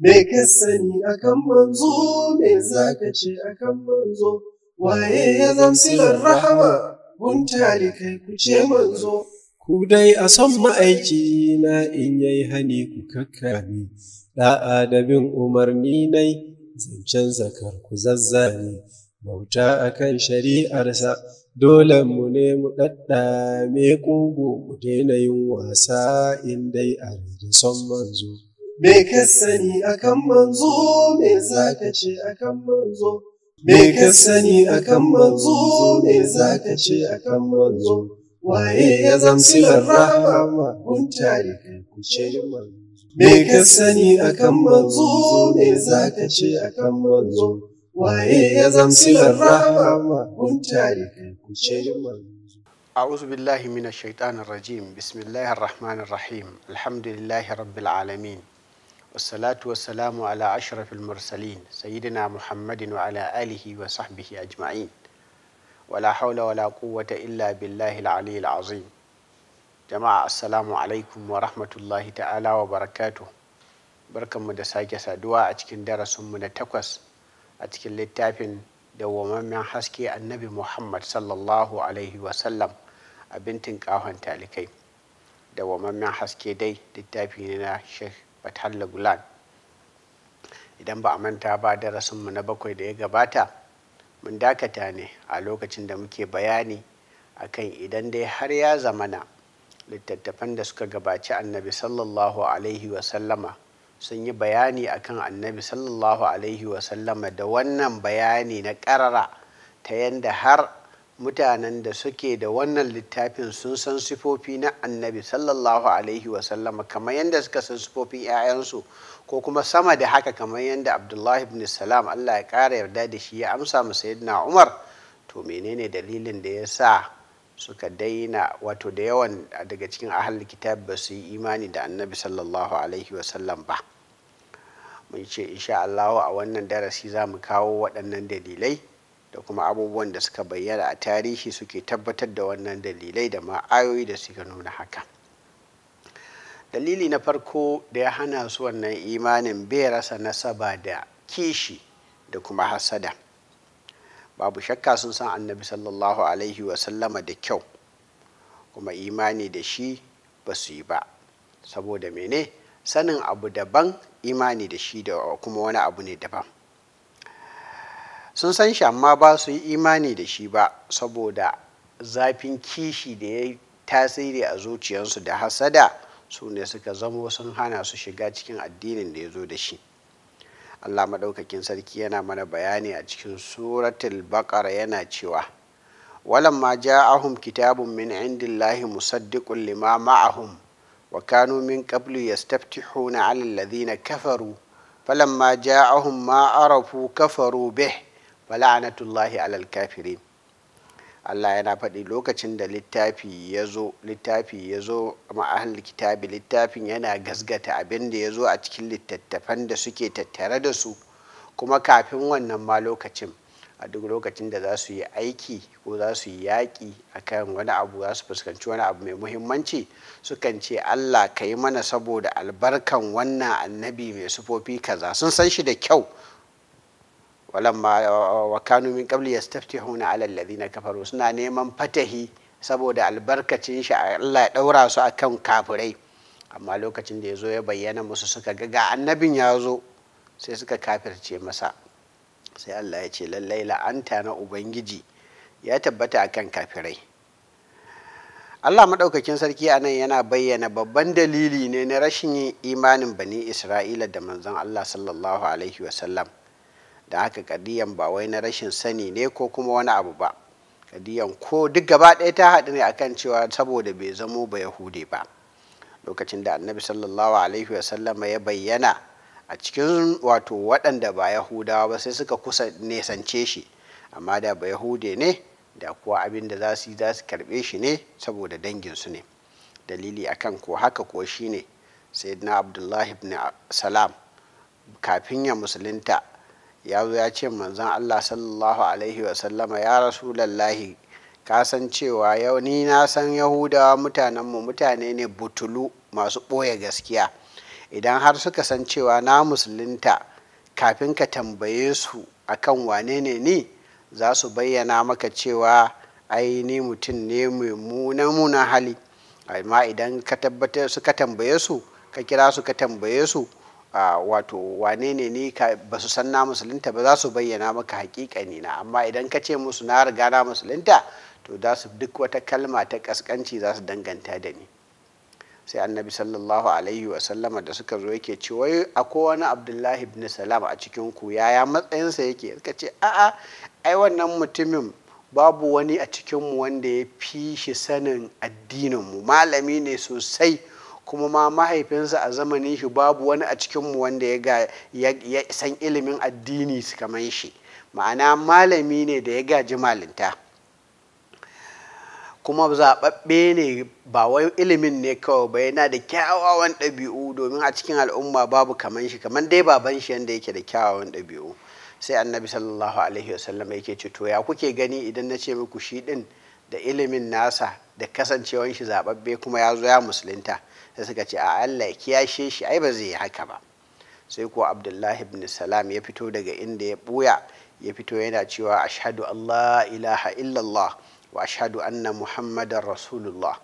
Me ka sani akan manzo, me za ka ce akan manzo, waye ya zamsilar rahama, guntare kai ku ce manzo. Ku dai a son ma'aiki na in yayi hani ku kakkami, da'a da bin umarni nai, zancen zakar ku zazzani, bauta akan shari'arsa, dole mu ne mu ɗaɗɗame ƙugu mu daina yin wasa in dai a son manzo. me ka sani akan manzo me za ka ce akan manzo me ka sani akan manzo me za ka ce akan manzo waye ya zamsilar rahama kun tare kai ku ce manzo me ka sani akan manzo me za ka ce akan manzo waye ya zamsilar rahama kun tare kai ku ce manzo أعوذ بالله من الشيطان الرجيم بسم الله الرحمن الرحيم الحمد لله رب العالمين wasalatu wasalamu ala ashrafil mursalin sayyidina muhammadin wa ala alihi wa sahbihi ajma'in wala haula wala quwwata illa billahi al-ali azim jama'a assalamu alaikum wa rahmatullahi ta'ala wa barakatuh barkanmu da sake saduwa a cikin darasinmu na takwas a cikin littafin dawwamammen haske annabi muhammad sallallahu alaihi wasallam a bintin kahon talikai dawwamammen haske dai littafi ne na sheikh Fatal Gulan. Idan ba a manta ba darasinmu na bakwai da ya gabata, mun dakata ne a lokacin da muke bayani akan idan dai har ya zamana littattafan da suka gabaci annabi sallallahu alaihi wasallama sun yi bayani akan annabi sallallahu alaihi wasallama da wannan bayani na ƙarara ta yadda har mutanen da suke da wannan littafin sun san sifofi na annabi sallallahu alaihi wasallama kamar yadda suka san sifofin 'ya'yansu ko kuma sama da haka kamar yadda abdullahi ibn salam allah ya ƙara yarda da shi ya amsa mu sayyidina umar to menene dalilin da ya sa suka daina wato da yawan daga cikin ahal kitab ba su yi imani da annabi sallallahu alaihi wasallam ba mun ce insha allahu a wannan darasi za mu kawo waɗannan dalilai da kuma abubuwan da suka bayyana a tarihi suke tabbatar da wannan dalilai da ma'ayoyi da suka nuna haka dalili na farko da ya hana su wannan imanin bai rasa nasaba da kishi da kuma hasada babu shakka sun san annabi sallallahu alaihi wasallama da kyau kuma imani da shi ba su yi ba saboda mene sanin abu daban imani da shi da kuma wani abu ne daban sun san shi amma ba su yi imani da shi ba saboda zafin kishi da ya tasiri a zuciyarsu da hasada su ne suka zamo sun hana su shiga cikin addinin da ya zo da shi allah maɗaukakin sarki yana mana bayani a cikin suratul baƙar yana cewa walamma ja'ahum kitabun min indillahi musaddiqun lima ma'ahum wa kanu min qablu yastaftihuna 'ala alladhina kafaru falamma ja'ahum ma arafu kafaru bih fala'anatullahi alal kafirin Allah yana faɗi lokacin da littafi ya zo littafi ya zo ma'ahal kitabi littafin yana gasgata abin da ya zo a cikin littattafan da suke tattare da su kuma kafin wannan ma lokacin a duk lokacin da za su yi aiki ko za su yi yaƙi a akan wani abu za su fuskanci wani abu mai muhimmanci sukan ce Allah ka yi mana saboda albarkan wannan annabi mai sufofi kaza sun san shi da kyau walamma wa kanu min qabli yastaftihuna ala alladhina kafaru suna neman fatahi saboda albarkacin shi Allah ya daura su akan kafirai amma lokacin da ya zo ya bayyana musu suka ga ga annabin ya zo sai suka kafirce masa sai Allah ya ce lallai la'anta na ubangiji ya tabbata akan kafirai Allah maɗaukakin sarki a nan yana bayyana babban dalili ne na rashin imanin bani Isra'ila da manzon Allah sallallahu alaihi wasallam da haka kadiyan ba wai na rashin sani ne ko kuma wani abu ba kadiyan ko duk gaba ɗaya ta haɗu ne akan cewa saboda bai zamo ba yahudi ba lokacin da annabi sallallahu alaihi wasallama ya bayyana a cikin wato waɗanda ba yahudawa ba sai suka kusa nesance shi amma da ba yahude ne da kuwa abin da za su yi za su karɓe shi ne saboda danginsu ne dalili akan ko haka ko shine sayyidina abdullahi ibn salam kafin ya musulunta ya zo ya ce manzon Allah sallallahu alaihi wasallama ya rasulallahi ka san cewa yau ni na san yahudawa mutanenmu mutane ne butulu masu ɓoye gaskiya idan har suka san cewa na musulunta kafin ka tambaye su akan wane ne ni za su bayyana maka cewa ai mutum ne mai munan hali amma idan suka tambaye su ka kira su ka tambaye su wato wane ne ni ba su san na musulunta ba za su bayyana maka ne na amma idan ka ce musu na riga na musulunta to za su duk wata kalma ta kaskanci za su danganta da ni sai annabi sallallahu alaihi wa sallama da suka zo yake ce wai akwai wani abdullahi ibn salam a cikin ku yaya matsayinsa yake suka ce a'a ai wannan mutumin babu wani a cikinmu wanda ya fi shi sanin addininmu malami ne sosai kuma ma mahaifinsa a zamanin shi babu wani a cikinmu wanda ya ga ya san ilimin addini kamar shi ma'ana malami ne da ya gaji malinta kuma zaɓaɓɓe ne ba wai ilimin ne kawai ba yana da kyawawan ɗabi'u domin a cikin al'umma babu kamar shi kamar dai baban shi yadda yake da kyawawan ɗabi'u sai annabi sallallahu alaihi wasallam yake ce to ya kuke gani idan na ce muku shi ɗin da ilimin nasa da kasancewan shi zaɓaɓɓe kuma ya zo ya musulunta sai suka ce a Allah ya kiyashe shi ai ba zai yi haka ba sai ko abdullahi ibn salam ya fito daga inda ya buya ya fito yana cewa ashhadu allah ilaha illallah wa ashhadu anna muhammadan rasulullah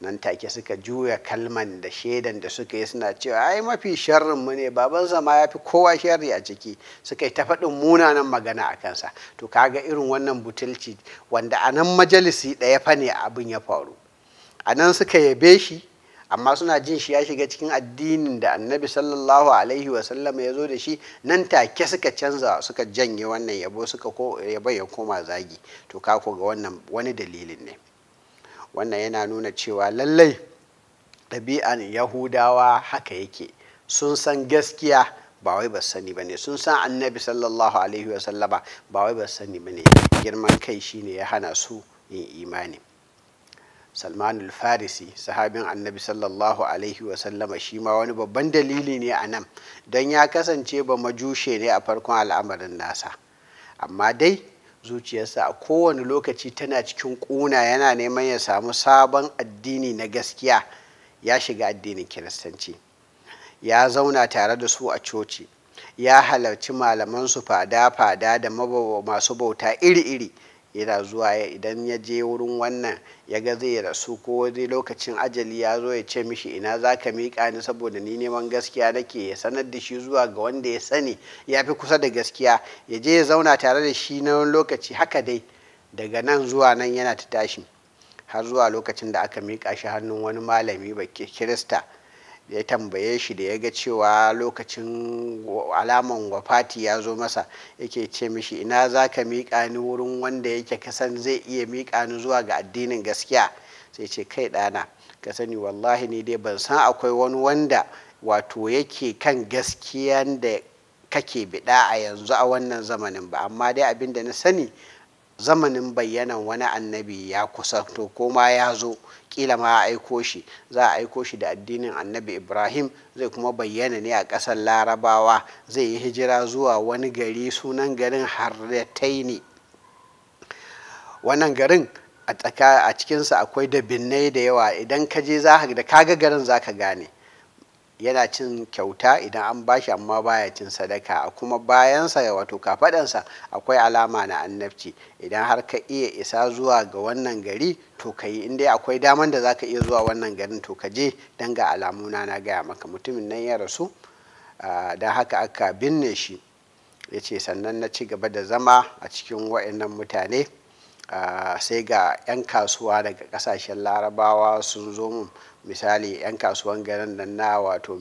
nan take suka juya kalman da shaidan da suka yi suna cewa ai mafi sharrin mu ne baban zama ya fi kowa sharri a ciki suka yi ta faɗin munanan magana a kansa to kaga irin wannan butulci wanda anan majalisi ɗaya fa ne abin ya faru a nan suka yabe shi amma suna jin shi ya shiga cikin addinin da annabi sallallahu alaihi wasallama ya zo da shi nan take suka canza suka janye wannan yabo suka ko yabo ya koma zagi to ka ga wannan wani dalilin ne wannan yana nuna cewa lallai ɗabi'an yahudawa haka yake sun san gaskiya ba wai ba sani ba ne sun san annabi sallallahu alaihi wasallama ba wai ba sani ba ne girman kai shine ya hana su yin imani salman al-farisi sahabin annabi sallallahu alaihi wasallama shi ma wani babban dalili ne a nan don ya kasance ba majushe ne a farkon al'amarin nasa amma dai zuciyarsa a kowane lokaci tana cikin ƙuna yana neman ya samu sabon addini na gaskiya ya shiga addinin kiristanci ya zauna tare da su a coci ya halarci malaman su fada-fada da masu bauta iri-iri yana zuwa idan ya je wurin wannan ya ga zai rasu ko zai lokacin ajali ya zo ya ce mishi ina za ka miƙa ni saboda ni neman gaskiya nake ya sanar da shi zuwa ga wanda ya sani ya fi kusa da gaskiya ya je ya zauna tare da shi na wani lokaci haka dai daga nan zuwa nan yana ta tashi har zuwa lokacin da aka miƙa shi hannun wani malami ba kirista ya tambaye shi da ya ga cewa lokacin alaman wafati ya zo masa yake ce mishi ina za ka miƙa ni wurin wanda yake kasan zai iya miƙa ni zuwa ga addinin gaskiya sai ce kai ɗana ka sani wallahi ni dai ban san akwai wani wanda wato yake kan gaskiyan da kake biɗa a yanzu a wannan zamanin ba amma dai abin da na sani zamanin bayyanan wani annabi ya kusanto ko ma ya zo kila ma a aiko shi za a aiko shi da addinin annabi ibrahim zai kuma bayyana ne a ƙasar larabawa zai yi hijira zuwa wani gari sunan garin harrataini wannan garin a cikinsa akwai da binnai da yawa idan ka je da kaga garin za ka gane yana cin kyauta idan an bashi amma baya cin sadaka a kuma bayansa wato kafadansa akwai alama na annabci idan har ka iya isa zuwa ga wannan gari to ka yi inda akwai daman da za ka iya zuwa wannan garin to ka je dan ga alamuna na gaya maka mutumin nan ya rasu don haka aka binne shi ya ce sannan na ci gaba da zama a cikin wa'annan mutane sai ga 'yan kasuwa daga kasashen larabawa sun zo mu misali 'yan kasuwan garin nan na wato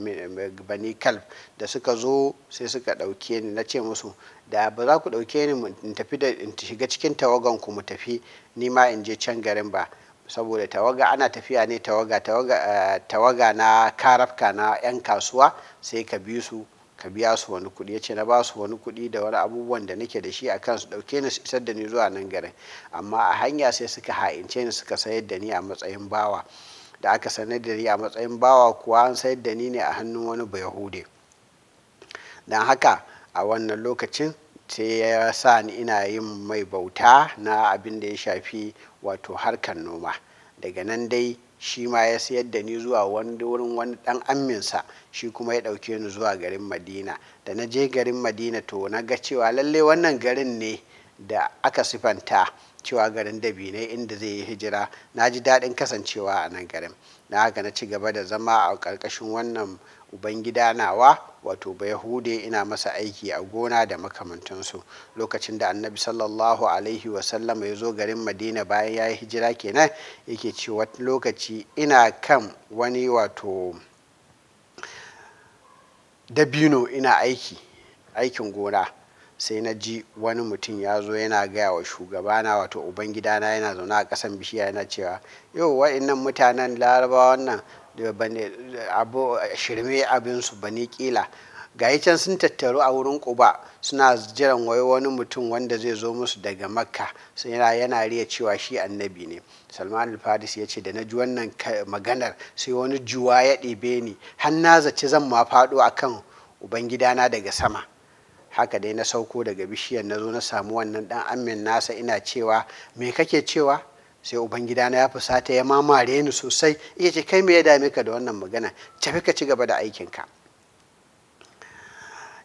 bani kalb da suka zo sai suka ɗauke ni na ce musu da ba za ku ɗauke ni in tafi da in shiga cikin tawagan ku mu tafi ni ma in je can garin ba saboda tawaga ana tafiya ne tawaga tawaga eh, na karafka na 'yan kasuwa sai ka bi su ka biya su wani kuɗi ya ce na ba su wani kuɗi da wani abubuwan da nake da shi a kan su ɗauke ni su isar da ni zuwa nan garin amma a hanya sai suka ha'ince ni suka sayar da ni a matsayin bawa da aka sanar da ni a matsayin bawa kuwa an sayar da ni ne a hannun wani bayahude don haka a wannan lokacin sai ya sa ni ina yin mai bauta na abin da ya shafi wato harkar noma daga nan dai shi ma ya sayar da ni zuwa wani wurin wani dan amminsa shi kuma ya ɗauke ni zuwa garin madina da na je garin madina to na ga cewa lalle wannan garin ne da aka sifanta cewa garin dabinai inda zai yi hijira na ji daɗin kasancewa a nan garin na haka na ci gaba da zama a ƙarƙashin wannan ubangida nawa wato ba yahude ina masa aiki a gona da makamantansu lokacin da annabi sallallahu alaihi wasallam ya zo garin madina bayan ya yi hijira kenan yake cewa lokaci ina kan wani wato dabino ina aiki aikin gona sai na ji wani mutum ya zo yana gaya wa shugabana wato na yana zaune a ƙasan bishiya yana cewa yau wa'innan mutanen larabawa wannan abu shirme abinsu bani kila gayi can sun tattaru a wurin kuba suna jiran wai wani mutum wanda zai zo musu daga makka sun yana yana riya cewa shi annabi ne salman al-faris ya ce da na ji wannan maganar sai wani juwa ya ɗebe ni har na zaci zan ma faɗo akan ubangidana daga sama haka dai na sauko daga bishiyar na zo na samu wannan ɗan amin nasa ina cewa me kake cewa sai ubangida na ya fusata ya mamare ni sosai iya ce kai me ya dame ka da wannan magana tafi ka ci gaba da aikinka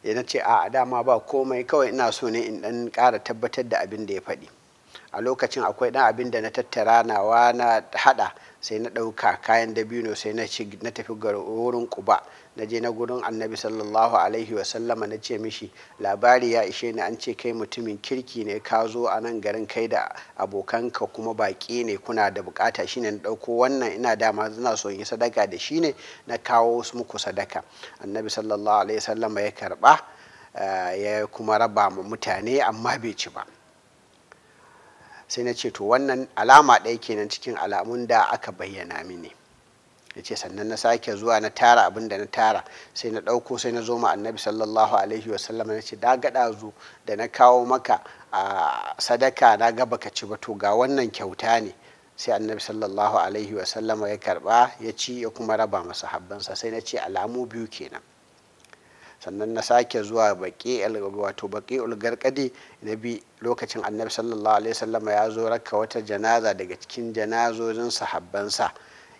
ya ce a dama ba komai kawai ina so ne in dan kara tabbatar da abin da ya faɗi a lokacin akwai dan abin da na tattara nawa na hada sai na ɗauka kayan dabino sai na ci na tafi wurin kuba na je na gurin annabi sallallahu alaihi wasallama na ce mishi labari ya ishe ni an ce kai mutumin kirki ne ka zo a nan garin kai da abokanka kuma baƙi ne kuna da bukata shine na ɗauko wannan ina dama suna so yi sadaka da shine na kawo muku sadaka annabi sallallahu alaihi wasallama ya karba eh, ya kuma raba ma mutane amma bai ci ba sai na ce to wannan alama ɗaya kenan cikin alamun da aka bayyana mini ya ce sannan na sake zuwa na tara abin da na tara sai na ɗauko sai na zo ma annabi sallallahu alaihi wasallam na ce da zu da na kawo maka a sadaka na gaba ka ci ba to ga wannan kyauta ne sai annabi sallallahu alaihi wasallam ya karba ya ci ya kuma raba masa habbansa sai na ce alamu biyu kenan sannan na sake zuwa baki wato baki ulgarkadi na bi lokacin annabi sallallahu alaihi wasallama ya zo raka wata janaza daga cikin janazozin sahabbansa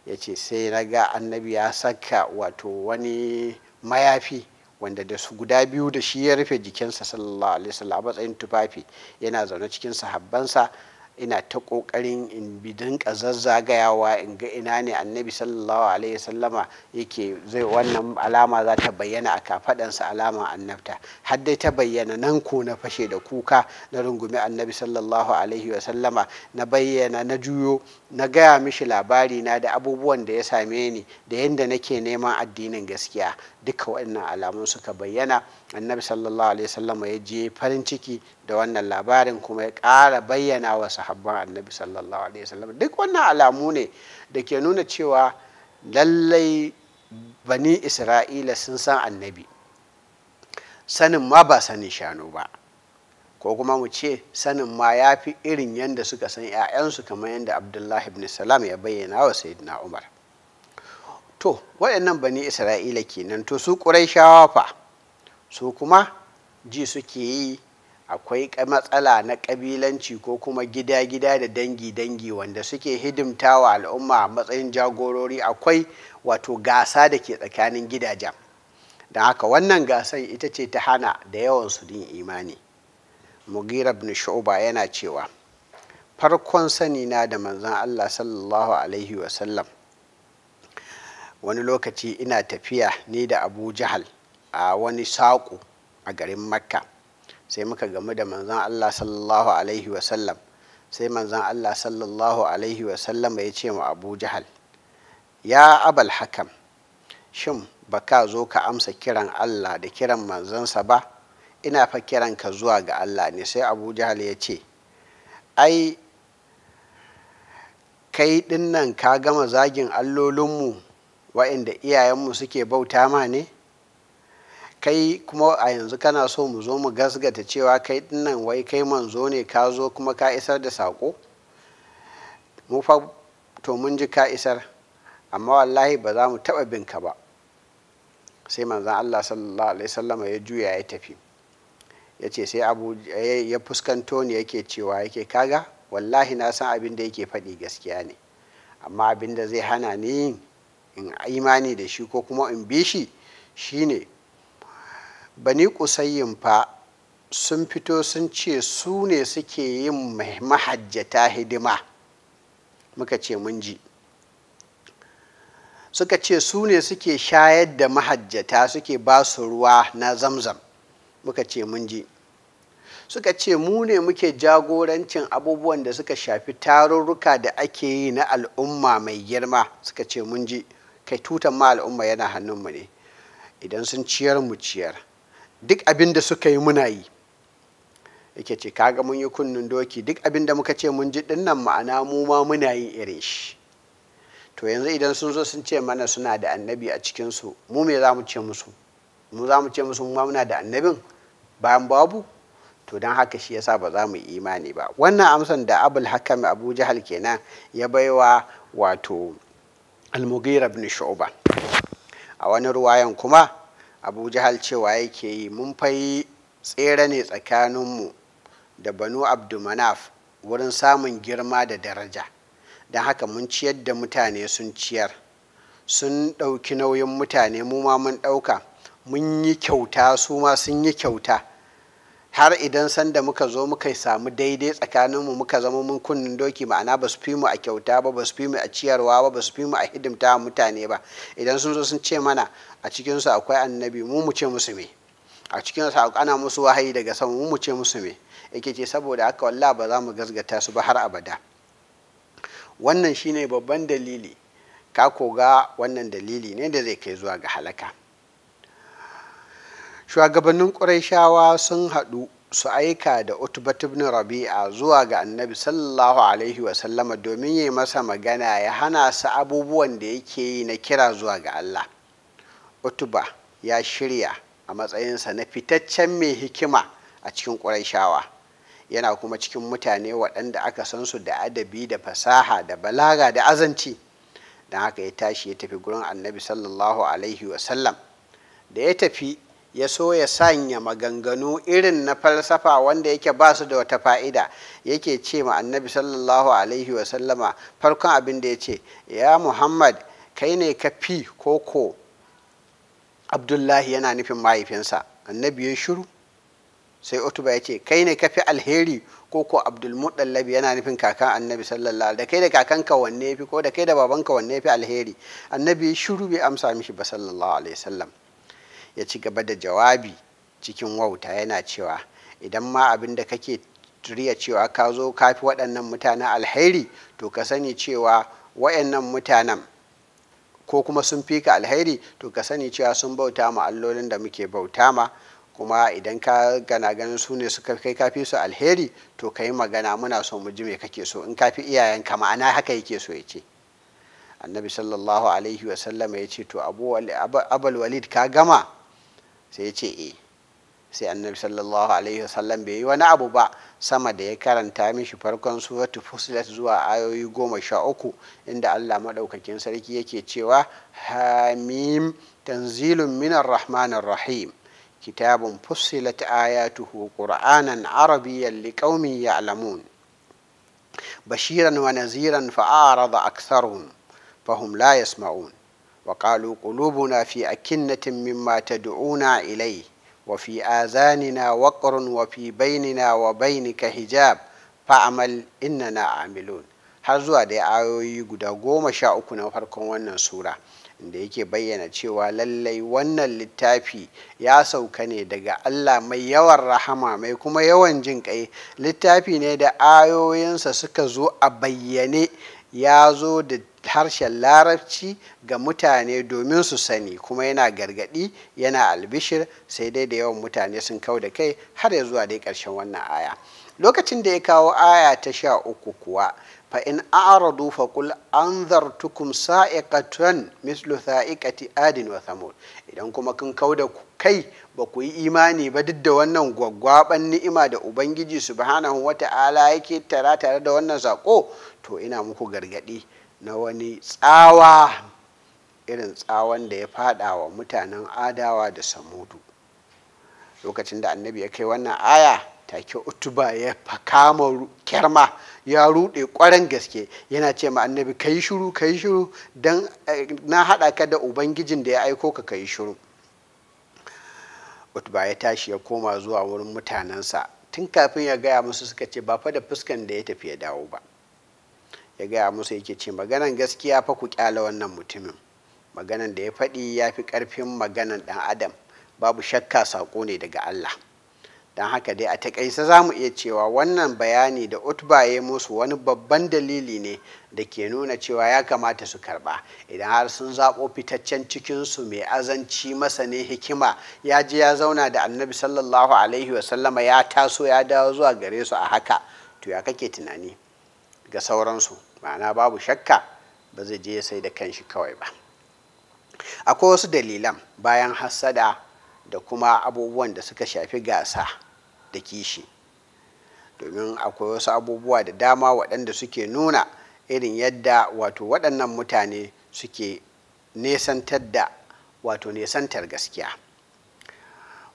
ya ce sai na ga annabi ya saka wato wani mayafi wanda da su guda biyu da shi ya rufe jikinsa sallallahu alaihi wasallam a matsayin tufafi yana zaune cikin sahabbansa ina ta ƙoƙarin in bi dinka zazzagayawa in ga ina ne annabi sallallahu alaihi sallama yake zai wannan alama za ta bayyana a kafaɗansa alama annabta har dai ta bayyana nan ko na fashe da kuka na rungumi annabi sallallahu alaihi sallama na bayyana na juyo na gaya mishi labari na da abubuwan da ya same ni da yadda nake neman addinin gaskiya duka waɗannan alamun suka bayyana annabi sallallahu alaihi sallama ya je farin ciki da wannan labarin kuma ya ƙara bayyana wasa sahabban annabi sallallahu alaihi wasallam duk wannan alamu ne da ke nuna cewa lallai bani isra'ila sun san annabi sanin ma ba sanin shanu ba ko kuma mu ce sanin ma ya fi irin yadda suka san 'ya'yansu kamar yadda abdullahi ibn salam ya bayyana wa sayyidina umar to waɗannan bani isra'ila kenan to su ƙuraishawa fa su kuma ji suke yi akwai matsala na kabilanci ko kuma gida-gida da dangi-dangi wanda suke hidimtawa al'umma a matsayin jagorori akwai wato gasa da ke tsakanin gidajen da haka wannan gasar ita ce ta hana da yawan su din imani mugira bin shu'ba yana cewa farkon sani na da manzan allah sallallahu alaihi wasallam wani lokaci ina tafiya ni da abu jahal a wani saƙo a garin makka sai muka gamu da manzan Allah sallallahu alaihi wasallam sai manzan Allah sallallahu alaihi wasallam ya ce wa Abu Jahal ya abal hakam shin ka zo ka amsa kiran Allah da kiran manzansa ba ina fa kiran ka zuwa ga Allah ne sai Abu Jahal ya ce ai kai dinnan ka gama zagin allolinmu wa'inda iyayenmu suke bauta ma ne kai kuma a yanzu kana so mu zo mu gasgata cewa kai dinnan wai kai manzo ne ka zo kuma ka isar da sako mu fa to mun ji ka isar amma wallahi ba za mu taɓa bin ka ba sai manzan allah sallallahu alaihi sallama ya juya ya tafi ya ce sai abu ya fuskanto ne yake cewa yake kaga wallahi na san abin da yake faɗi gaskiya ne amma abin da zai hana ni in imani da shi ko kuma in bi shi shine bani kusayin fa sun fito sun ce su ne suke yin mahajjata hidima muka ce mun ji suka ce su ne suke shayar da mahajjata suke ba su ruwa na zamzam muka ce mun ji suka ce mu ne muke jagorancin abubuwan da suka shafi tarurruka da ake yi na al'umma mai girma suka ce mun ji kai tutan ma al'umma yana hannunmu ne idan sun ciyar mu ciyar duk abin da suka yi muna yi yake ce kaga mun yi kunnun doki duk abin da muka ce mun ji dinnan ma'ana mu ma muna yin irin shi to yanzu idan sun zo sun ce mana suna da annabi a cikinsu mu me za mu ce musu mu za mu ce musu mu ma muna da annabin bayan babu to don haka shi yasa ba za mu yi imani ba wannan amsan da abul hakam abu jahal kenan ya baiwa wato al-mughira ibn shu'ba a wani ruwayan kuma abu jahal cewa yake yi mun fai tsere ne tsakaninmu da banu abdulmanaf wurin samun girma da daraja don haka mun ciyar da mutane sun ciyar sun ɗauki nauyin mutane mu ma mun ɗauka mun yi kyauta su ma sun yi kyauta har idan sanda muka zo muka samu daidai tsakaninmu muka zama mun kunnin doki ma'ana ba su fi mu a kyauta ba ba su fi mu a ciyarwa ba ba su fi mu a hidimta mutane ba idan sun zo sun ce mana a cikinsu akwai annabi mu mu ce musu me a cikin ana musu wahayi daga sama mu mu ce musu me yake ce saboda haka walla ba za mu gasgata su ba har abada wannan shine babban dalili ka koga wannan dalili ne da zai kai zuwa ga halaka shugabannin ƙurayshawa sun haɗu su aika da utubat ibn rabi'a zuwa ga annabi sallallahu alaihi wasallama domin yi masa magana ya hana su abubuwan da yake yi na kira zuwa ga allah utuba ya shirya a matsayinsa na fitaccen mai hikima a cikin ƙurayshawa yana kuma cikin mutane waɗanda aka san su da adabi da fasaha da balaga da azanci don haka ya tashi ya tafi gurin annabi sallallahu alaihi wasallam da ya tafi ya so ya sanya maganganu irin na falsafa wanda yake ba su da wata fa'ida yake ce ma annabi sallallahu alaihi wasallama farkon abin da ya ce ya muhammad kai ne ka fi koko abdullahi yana nufin mahaifinsa annabi ya shiru sai otu ya ce kai ne ka fi alheri koko abdulmuɗallab yana nufin kakan annabi sallallahu da kai da kakanka wanne ya fi ko da kai da babanka wanne ya fi alheri annabi ya shiru bai amsa mishi ba sallallahu alaihi wasallam ya ci gaba da jawabi cikin wauta yana cewa idan ma abin da kake turiya cewa ka zo ka fi waɗannan mutanen alheri to ka sani cewa waɗannan mutanen ko kuma sun fi ka alheri to ka sani cewa sun bauta ma allolin da muke bauta ma kuma idan ka gana ganin su ne suka kai kafi su alheri to ka yi magana muna so mu ji me kake so in kafi iyayenka ma'ana haka yake so ya ce annabi sallallahu alaihi wasallama ya ce to abu walid ka gama sai ya ce eh sai annabi sallallahu alaihi wasallam bai yi wani abu ba sama da ya karanta mishi farkon suratu fusilat zuwa ayoyi goma sha uku inda allah maɗaukakin sarki yake cewa hamim tanzilun minar rahmanir rahim kitabun fusilat ayatuhu qur'anan arabiyyan liqaumin ya'lamun bashiran wa naziran fa'arada aktharuhum fahum la yasma'un وقالوا قلوبنا في أكنة مما تدعونا إليه وفي آذاننا وقر وفي بيننا وبينك حجاب fa'amal innana عاملون har zuwa da ayoyi guda goma sha uku na farkon wannan sura inda yake bayyana cewa lallai wannan littafi ya sauka ne daga Allah mai yawan rahama mai kuma yawan jin kai littafi ne da ayoyinsa suka zo a bayyane ya zo da harshen larabci ga mutane domin su sani kuma yana gargadi yana albishir sai dai da yawan mutane sun kau da kai har ya zuwa dai karshen wannan aya lokacin da ya kawo aya ta sha uku kuwa fa in a'radu fa qul anzartukum sa'iqatan mislu sa'iqati adin wa thamud idan kuma kun da kai ba ku yi imani ba duk da wannan gwaggwaban ni'ima da ubangiji subhanahu wata'ala yake tara tare da wannan zako to ina muku gargadi na wani tsawa irin tsawan da ya fada wa mutanen adawa da samudu lokacin da annabi ya kai wannan aya take utuba ya kama kyarma ya rude kwaran gaske yana ce ma annabi ka yi shuru ka yi shuru don eh, na haɗa ka da ubangijin da ya aiko ka ka yi shuru utuba ya tashi ya koma zuwa wurin mutanensa tun kafin ya gaya musu suka ce ba fa da fuskan da ya tafi ya dawo ba ya gaya musu yake ce maganan gaskiya fa ku kyala wannan mutumin maganan da ya faɗi ya fi ƙarfin maganan ɗan adam babu shakka saƙo ne daga allah don haka dai a taƙaice za mu iya cewa wannan bayani da utba ya musu wani babban dalili ne da ke nuna cewa ya kamata su karɓa idan har sun zaɓo fitaccen cikinsu mai azanci ne hikima ya ji ya zauna da annabi sallallahu alaihi wasallama ya taso ya dawo zuwa gare su a haka to ya kake tunani ga sauransu ma'ana babu shakka ba zai je sai da kanshi kawai ba akwai wasu dalilan bayan hassada da kuma abubuwan da suka shafi gasa da kishi domin akwai wasu abubuwa da dama waɗanda suke nuna irin yadda wato waɗannan mutane suke nesantar da wato nesantar gaskiya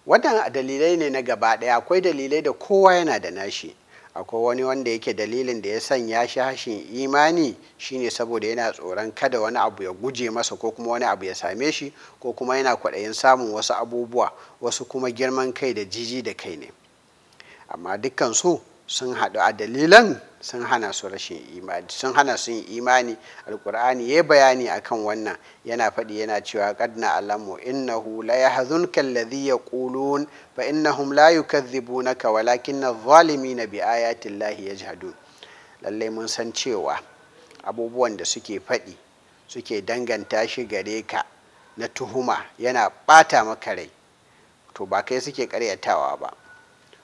wannan dalilai ne na gaba ɗaya akwai dalilai da kowa yana da nashi akwai wani wanda yake dalilin da ya sanya shi hashin imani shine saboda yana tsoron kada wani abu ya guje masa ko kuma wani abu ya same shi ko kuma yana kwaɗayin samun wasu abubuwa wasu kuma girman kai da jiji da kai ne amma dukkan su sun haɗu a dalilan sun hana su rashin imani sun hana su yin imani alkur'ani ya bayani akan wannan yana faɗi yana cewa qad alamu innahu la yahzunka alladhi yaqulun fa innahum la yukadhibunaka walakin adh-dhalimina bi ayati llahi yajhadun lallai mun san cewa abubuwan da suke faɗi suke danganta shi gare ka na tuhuma yana ɓata maka rai to ba kai suke ƙaryatawa ba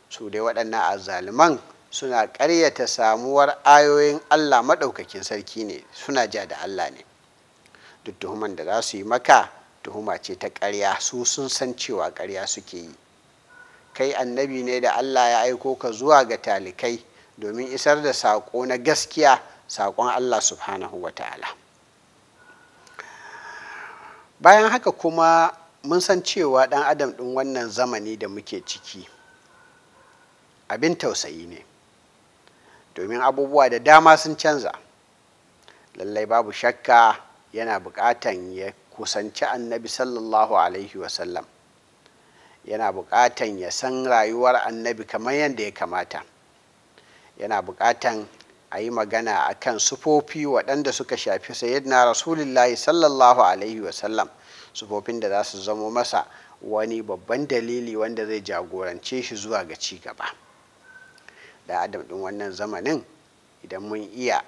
su dai waɗannan azzaluman suna ƙaryata samuwar ayoyin allah maɗaukakin sarki ne suna ja da allah ne duk tuhuman da za su yi maka tuhuma ce ta ƙarya su sun san cewa ƙarya suke yi kai annabi ne da allah ya aiko ka zuwa ga talikai domin isar da saƙo na gaskiya saƙon allah subhanahu wa ta'ala bayan haka kuma mun san cewa ɗan adam ɗin wannan zamani da muke ciki abin tausayi ne domin abubuwa da dama sun canza lallai babu shakka yana buƙatan ya kusanci annabi sallallahu alaihi wasallam yana buƙatan ya san rayuwar annabi kamar yadda ya kamata yana buƙatan a yi magana a kan sufofi waɗanda suka shafi sayyidina rasulullahi sallallahu alaihi wasallam sufofin da za su zamo masa wani babban dalili wanda zai jagorance shi zuwa ga ci gaba. da adam ɗin wannan zamanin idan mun iya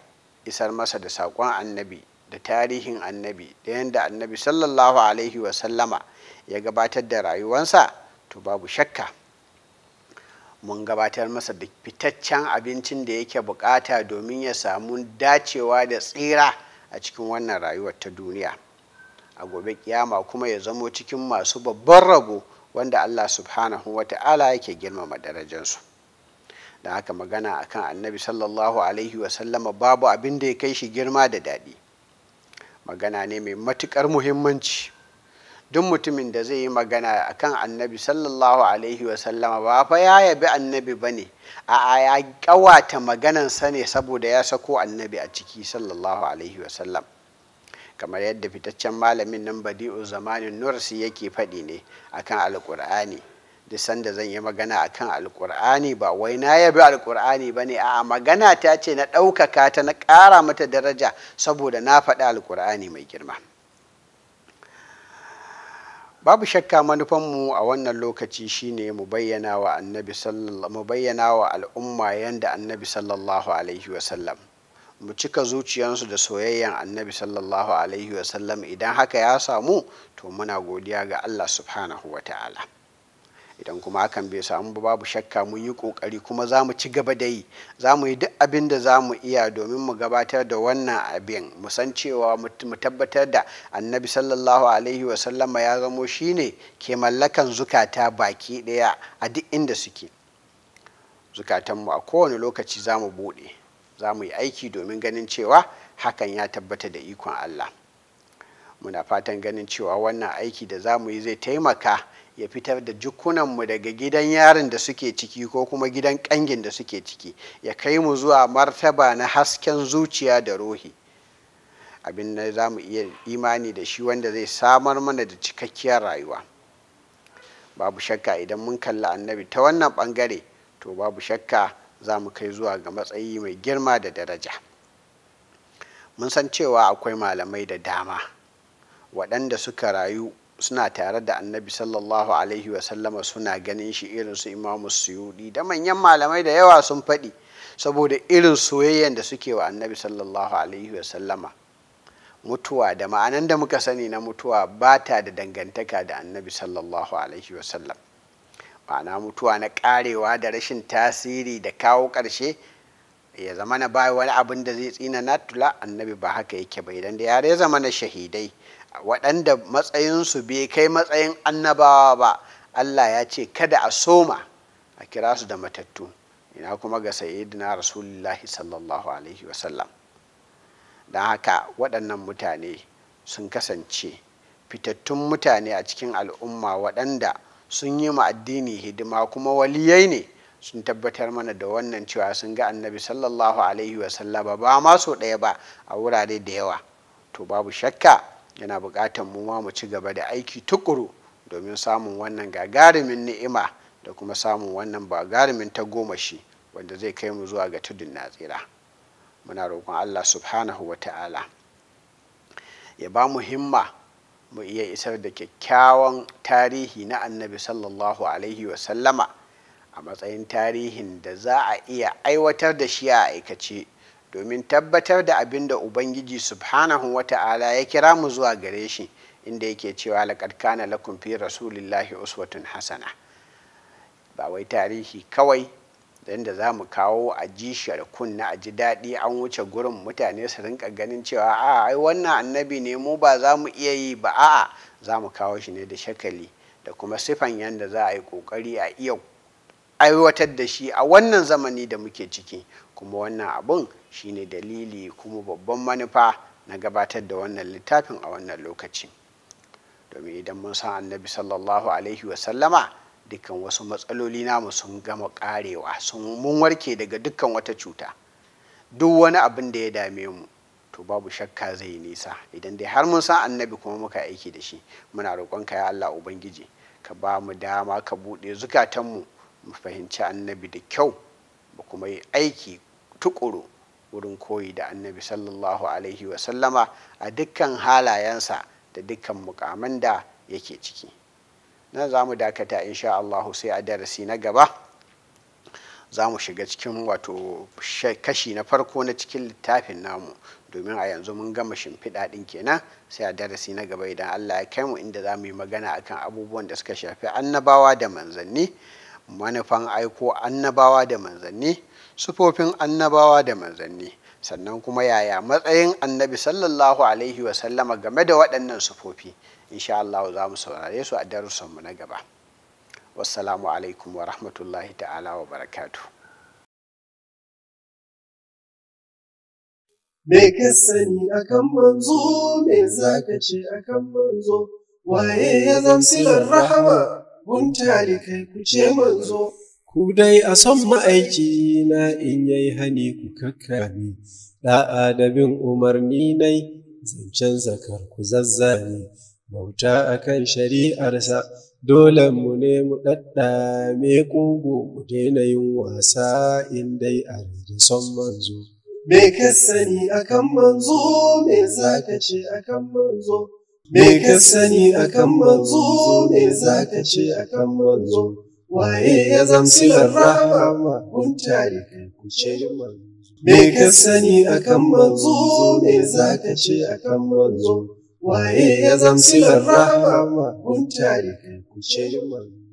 isar masa da saƙon annabi da tarihin annabi da yadda annabi sallallahu alaihi wasallama ya gabatar da rayuwansa to babu shakka mun gabatar masa da fitaccen abincin da yake bukata domin ya samu dacewa da tsira a cikin wannan rayuwar ta duniya a gobe kiyama kuma ya zamo cikin masu babban rabo wanda allah subhanahu wata'ala yake girmama darajansu. da haka magana akan annabi sallallahu alaihi wasallama babu abin da ya kai shi girma da daɗi magana ne mai matuƙar muhimmanci duk mutumin da zai yi magana akan annabi sallallahu alaihi wasallama ba fa ya yabi annabi ba ne a ya ƙawata maganan sa ne saboda ya sako annabi a ciki sallallahu alaihi wasallam kamar yadda fitaccen malamin nan badi'u zamanin nursi yake faɗi ne akan alƙur'ani da sanda zan yi magana akan alkur'ani ba wai na yabi alkur'ani ba ne a magana ta ce na ɗaukaka ta na ƙara mata daraja saboda na faɗi alkur'ani mai girma babu shakka manufanmu a wannan lokaci shine mu bayyana wa mu bayyana wa al'umma yanda annabi sallallahu alaihi wasallam mu cika zuciyansu da soyayyan annabi sallallahu alaihi wasallam idan haka ya samu to muna godiya ga allah subhanahu wa ta'ala idan kuma hakan bai samu ba babu shakka mun yi kokari kuma za mu ci gaba da yi za mu yi duk abin da za mu iya domin mu gabatar da wannan abin mu san cewa mu tabbatar da annabi sallallahu alaihi wasallama ya zamo shine ke mallakan zukata baki daya a duk inda suke zukatanmu a kowane lokaci za mu buɗe za mu yi aiki domin ganin cewa hakan ya tabbata da ikon allah muna fatan ganin cewa wannan aiki da za mu yi zai taimaka ya fitar da jukunanmu daga gidan yarin da suke ciki ko kuma gidan ƙangin da suke ciki ya kai mu zuwa martaba na hasken zuciya da rohi abin da za mu iya imani da shi wanda zai samar mana da cikakkiyar rayuwa babu shakka idan mun kalli annabi ta wannan ɓangare to babu shakka za mu kai zuwa ga matsayi mai girma da daraja mun san cewa akwai malamai da dama waɗanda suka rayu suna tare da annabi sallallahu alaihi wasallama suna ganin shi irin su imamu suyudi da manyan malamai da yawa sun faɗi saboda irin soyayyen da suke wa annabi sallallahu alaihi wasallama mutuwa da ma'anan da muka sani na mutuwa ba ta da dangantaka da annabi sallallahu alaihi wasallam ma'ana mutuwa na karewa da rashin tasiri da kawo ƙarshe ya zama na bai wani abin da zai tsina na tula annabi ba haka yake bai dan da yare zama na shahidai waɗanda matsayinsu bai kai matsayin annabawa ba allah ya ce kada a soma a kira su da matattu ina kuma ga sayyidina rasulullahi sallallahu alaihi wasallam don haka waɗannan mutane sun kasance fitattun mutane a cikin al'umma waɗanda sun yi ma addini hidima kuma waliyai ne sun tabbatar mana da wannan cewa sun ga annabi sallallahu alaihi wasallama ba ma so ɗaya ba a wurare da yawa to babu shakka yana buƙatar mu ma mu ci gaba da aiki tukuru domin samun wannan gagarumin ni'ima da kuma samun wannan bagarumin goma tagomashi wanda zai kai mu zuwa ga tudun natsira muna roƙon allah subhanahu wa ta'ala ya ba mu himma mu iya isar da kyakkyawan tarihi na annabi sallallahu alaihi wasallama a matsayin tarihin da za a iya aiwatar da shi a aikace domin tabbatar da abin da ubangiji subhanahu ta'ala ya kira mu zuwa gare shi inda yake cewa laƙad kana lakum fi rasulillahi uswatun hasana ba wai tarihi kawai dan da za mu kawo a ji sharkun na a ji daɗi an wuce gurin mutane su rinka ganin cewa a ai wannan annabi ne mu ba za mu iya yi ba a'a za mu kawo shi ne da shakali da kuma sifan yadda za a yi ƙoƙari a iya aiwatar da shi a wannan zamani da muke ciki kuma wannan abun shine dalili kuma babban manufa na gabatar da wannan littafin a wannan lokaci domin idan mun san annabi sallallahu alaihi wasallama dukkan wasu matsaloli namu sun gama karewa sun mun warke daga dukkan wata cuta duk wani abin da ya dame mu to babu shakka zai yi nisa idan dai har mun san annabi kuma muka aiki da shi muna roƙonka ya allah ubangiji ka ba mu dama ka buɗe zukatanmu mu fahimci annabi da kyau mu kuma yi aiki tukuru wurin koyi da annabi sallallahu alaihi wasallama a dukkan halayensa da dukkan mukaman da yake ciki nan za mu dakata insha Allahu sai a darasi na gaba za mu shiga cikin wato kashi na farko na cikin littafin namu domin a yanzu mun gama shimfiɗa ɗin kenan sai a darasi na gaba idan Allah ya kai mu inda za mu yi magana akan abubuwan da suka shafi annabawa da manzanni manufan aiko annabawa da manzanni sufofin annabawa da manzanni sannan kuma yaya matsayin annabi sallallahu alaihi wasallama game da waɗannan sufofi insha Allah za mu saurare su a darussanmu na gaba wassalamu alaikum wa rahmatullahi ta'ala wa barakatu me ka sani akan manzo me zaka ce akan manzo waye ya zamsi rahama kun kai ku ce manzo, ku dai a son ma'aiki na in yai hani ku kakkami, ɗa'a da bin umarni nai, zancen zakar ku zazzani, bauta akan kan shari'arsa, dole mu ne mu ɗaɗɗame ƙugu mu daina yin wasa in dai a rage son manzo. Me kasani akan manzo, me za ce akan manzo? Me ka sani akan manzo, me za ka ce akan manzo, waye ya zamsilar rahama kun tare kai ku ce Me ka sani akan manzo, me za ka ce akan manzo, waye ya zamsilar rahama kun tare kai ku ce manzo.